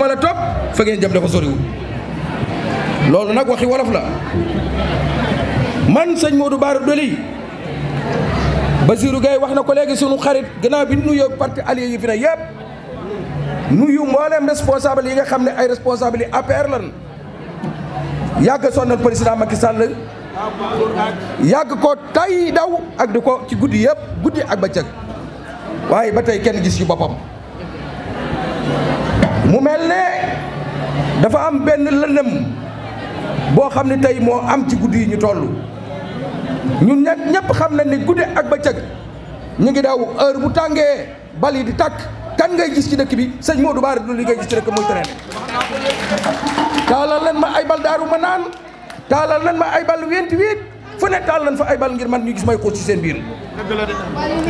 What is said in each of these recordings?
mën a fa ngeen jëm dafa loolu nag waxi wolof la man sëñ Modou Bara Dolly Basirou Gueye wax na ko léegi sunu xarit gannaaw bi nuyoo parti allié yi fi ne yëpp nuyu mbooleem responsable yi nga xam ne ay responsable yi APR lan yàgg sonnal président Macky Sall yàgg ko tay daw ak di ko ci guddi yëpp guddi ak bëccëg waaye ba tey kenn gis yu boppam mu mel ne dafa am benn lëndëm boo xam ne tey moo am ci guddi yi ñu toll ñu nag ñëpp xam na ni guddi ak bëccëg ñu ngi daw heure bu tàngee bal yi di tàkk kan ngay gis ci dëkk bi sëñ Modou Bara Dolly ngay gis ci dëkk muy traîner taalal leen ma ay bal daaru ma naan taalal leen ma ay bal wenti wéet fu ne taal lan fa ay bal ngir man ñu gis may xuus ci seen biir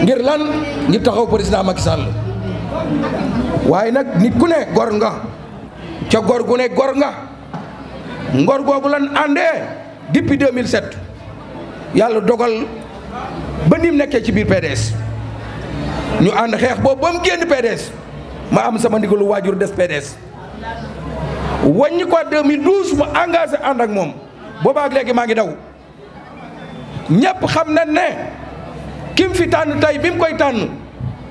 ngir lan ngir taxaw président Macky sàll waaye nag nit ku ne gor nga ca gor gu ne gor nga ngor googu lan àndee depuis 2007 yàlla dogal ba nim nekkee ci biir PDS ñu ànd xeex boobu ba mu génn PDS ma am sama ndigalu waajur des PDS wàññi ko 2012 ma engagé ànd ak moom boobaak léegi maa ngi daw ñépp xam na ne kim fi tànn tey bim koy tànn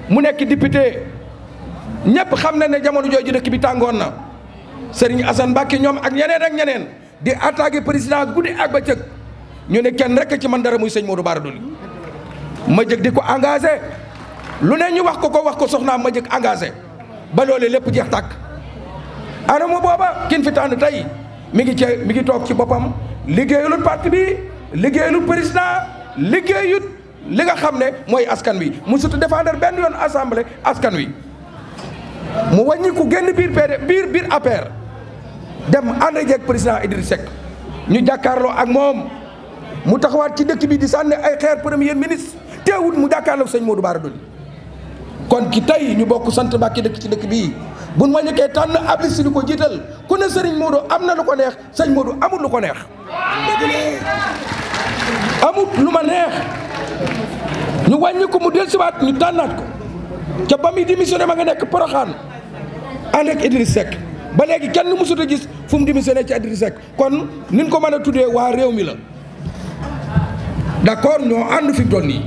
mu nekk député ñëpp xam na ne jamono jooju dëkk bi tàngoon na Serigne Assane Mbacke ñoom ak ñeneen ak ñeneen di attaqué président guddi ak ba bëccëg ñu ne kenn rek ci man dara muy sëñ Modou Bara Dolly ma jëg di ko engagé lu ne ñu wax ko ko wax ko soxnaa ma jëg engagé ba loolee lépp jeex tàkk anamu booba kin fi tànn tey mi ngi cee mi ngi toog ci boppam liggéeyulut parti bi liggéeyulut président liggéeyut li nga xam ne mooy askan wi mu surtout défendre benn yoon assemblée askan wi mu wàññi ku génn biir PD biir biir APR dem ànd ak président Idrissa Seck ñu jàkkaarloo ak moom mu taxawaat ci dëkk bi di sànne ay xeer premier ministre teewut mu jàkkaarloo sëñ Modou Bara Dolly kon ki tey ñu bokk sant Mbàkke dëkk ci dëkk bii bu ma ñëkkee tànn ab liste di ko jiital ku ne sëriñ Modou am na lu ko neex sëñ Modou amul lu ko neex amut lu ma neex ñu wàññi ko mu dellusiwaat ñu tànnaat ko ca ba muy démissionné ma nga nekk Porokhane ànd ak Idriss ba léegi kenn mësut a gis fu mu démissionné ci Idriss Seck kon ni ko mën a tuddee waa réew mi la d'accord ñoo ànd fi mu toll nii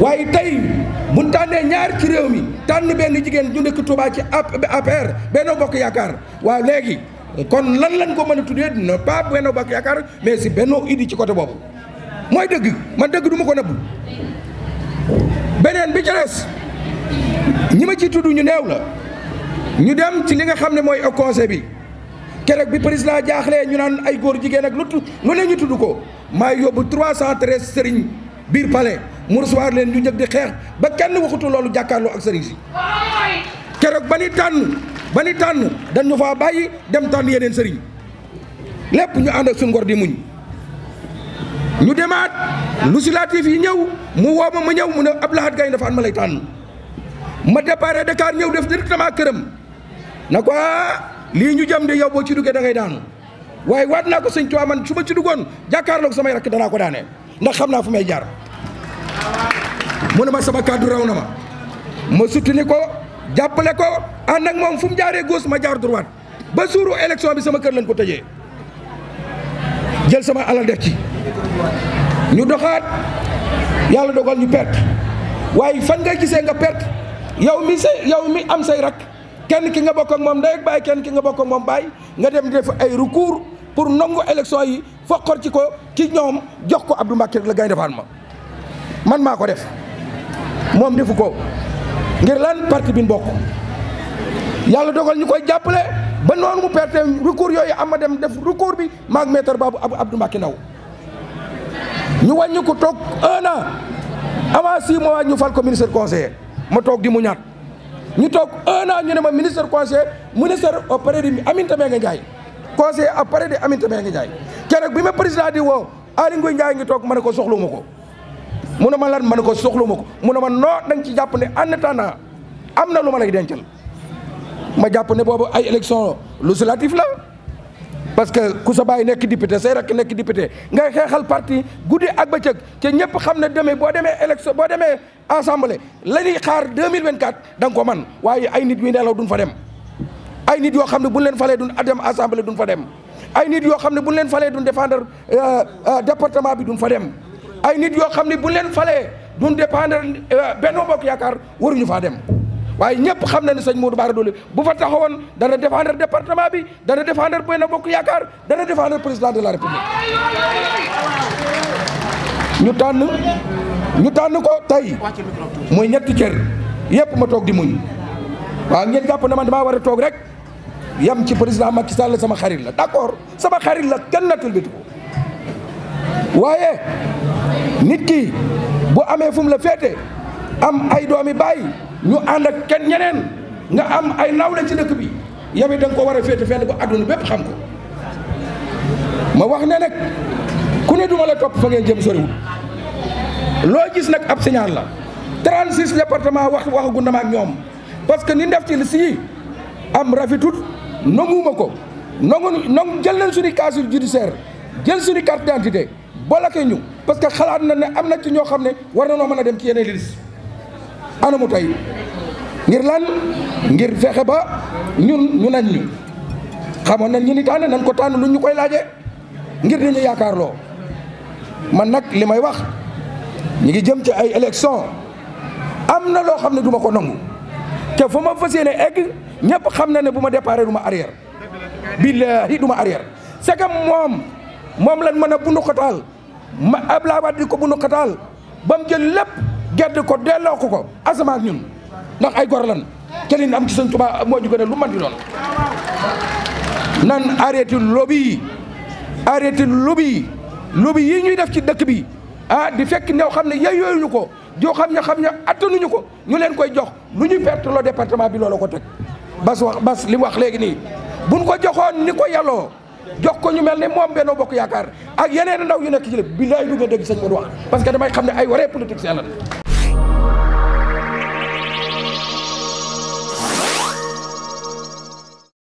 waaye tey bu ñu ñaar ci réew mi tànn benn jigéen ñu nekk Touba ci APR Benno Bokk Yaakaar waa léegi kon lan lañ ko mën a tuddee non pas Benno Bokk Yaakaar mais si Benno Idi ci côté boobu mooy dëgg man dëgg du ma ko nëbbu beneen bi ci des ñi ma ci tudd ñu neew la. ñu dem ci li nga xam ne mooy conseil bi keroog bi président jaaxlee ñu naan ay góor jigéen ak lu lu ne ñu tudd ko maay yóbbu 313 sëriñ biir palais mu recevoir leen ñu njëg di xeex ba kenn waxutu loolu jàkkaarloo ak sëriñ si keroog ba ni tànn ba ni tànn dañu faa bàyyi dem tànn yeneen sëriñ lépp ñu ànd ak suñu ngor di muñ ñu demaat lu si latif yi ñëw mu woo ma ma ñëw mu ne Abdou Lahad Gaye dafa an ma lay tànn ma déparé Dakar ñëw def directement këram na ko ah, lii ñu jam de yow boo ci duggee da ngay daanu waaye waat naa ko sëñ Tuubaa man su ma ci duggoon jàkkaarloog sama rakk danaa ko daanee ndax xam naa fu may jaar mu ne ma sama kàddu raw na ma ma sutuni ko jàppale ko ànd ak moom fu mu jaaree gauche ma jaar droite ba suuru élection bi sama kër lañ ko tëjee jël sama alal def ci ñu doxaat yàlla dogal ñu perte waaye fan nga gisee nga perte yow mi say yow mi am say rakk kenn ki nga bokk ak moom ndey ak kenn ki nga bokk moom baay nga dem def ay recours pour nangu élection yi foqor ci ko ci ñoom jox ko Abdou Mbacké la Gaïndé ma man maa ko def moom defu ko ngir lan parti bi bokk yàlla dogal ñu koy jàppale ba noonu mu perte recours yooyu am ma dem def recours bi maag maître ab Abdou Mbacké naw ñu wàññi ko toog un an avant six mois ñu fal ko ministre conseiller ma toog di mu ñat ñu toog un an ñu ne ma ministre conseil ministre auprès de Aminata Mbengue Ndiaye conseil auprès de Aminata Mbengue Ndiaye keroog bi ma président di woo Aly Ngouille Ndiaye ngi toog ma ne ko soxlu ma ko mu ne ma lan ma ne ko soxlu ma ko mu ne ma noo da nga ci jàpp ne en attendant am na lu ma lay dencal ma jàpp ne boobu ay élection législative la parce que ku sa baay nekk député say rakk nekk député ngay xeexal parti guddi ak bëccëg cëg ñëpp xam ne demee boo demee élection boo demee assemblée la ñuy xaar 2024 da nga ko man waaye ay nit yu nelaw duñ fa dem ay nit yoo xam ne buñ leen falee duñ dem assemblée duñ fa dem ay nit yoo xam ne buñ leen falee duñ défendre euh, euh, département bi duñ fa dem ay nit yoo xam ne buñ leen falee duñ dépendre euh, benn Bokk Yaakaar waruñu faa dem waaye ñëpp xam na ne sëñ Modou Bara Dolly bu fa taxawoon dana défendre département bi dana défendre Benno Bokk Yaakaar dana défendre président de la république ñu tànn ñu tànn ko tey muy ñetti cër yëpp ma toog di muñ waaw ngeen jàpp na man damaa war a toog rek yam ci président Macky Sall sama xarit la d'accord sama xarit la kenn nattul bi ko waaye nit ki bu amee fu la féete am ay doomi bàyyi ñu ànd ak kenn ñeneen nga am ay nawle ci dëkk bi yow it da ko war a féete fenn ba àdduna bépp xam ko ma wax ne nag ku ne duma la topp fa ngeen jëm soriwul loo gis nag ab signal la 36 département wax waxagu ndam ak ñoom parce que ni def ci liste yi am rafetut nonguma ko nongu nong jël nañ suñu casier judiciaire jël suñu carte boo boolake ñu parce que xalaat na ne am na ci ñoo xam ne war na noo mën a dem ci yeneen liste anamu tey ngir lan ngir fexe ba ñun ñu nañ ñu xamoon nañ ñu ni tànn nañ ko tànn lu ñu koy laaje ngir di ñu yaakaar loo man nag li may wax ñu ngi jëm ci ay élection am na loo xam ne du ma ko nangu te fu ma fas yéene egg ñëpp xam na ne bu ma déparé du ma arrière billahi du ma arrière c'est que moom moom lan mën a bundu xataal ma Abdoulaye Wade di ko bu xataal ba mu jël lépp gerte ko delloo ko ko asamaan ñun ndax ay gor lan te am ci sëñ Tuubaa moo ñu gën lu man di doon nan arrêté lobby yi arrêté lobby yi lobby yi ñuy def ci dëkk bi ah di fekk ñoo xam ne ñu ko joo xam ne xam ne attanuñu ko ñu leen koy jox lu ñu perte loo département bi loolu ko teg bas wax bas li wax léegi nii buñ ko joxoon ni ko yàlloo jox ko ñu mel ne moom u Bokk Yaakaar ak yeneen ndaw yu nekk ci lépp billaay du nga dégg sëñ Modou wax parce que ne ay waree